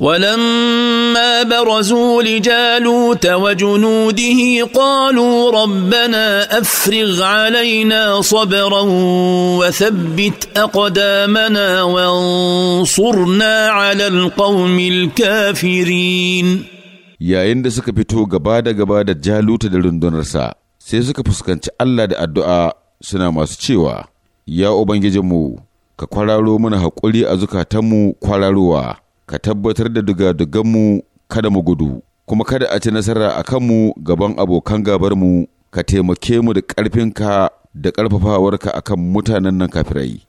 ولما برزوا لجالوت وجنوده قالوا ربنا افرغ علينا صبرا وثبت اقدامنا وانصرنا على القوم الكافرين yayin da suka fito gaba da gaba da jaluta da rundunarsa sai suka fuskanci Allah da addu'a suna masu cewa ya ubangijinmu ka kwararo mana haƙuri a zukatanmu kwararowa ka tabbatar da mu kada mu gudu, kuma kada a ci nasara a kanmu gaban abokan gabarmu, ka taimake mu da ƙarfinka da ƙarfafawarka a kan mutanen nan kafirai.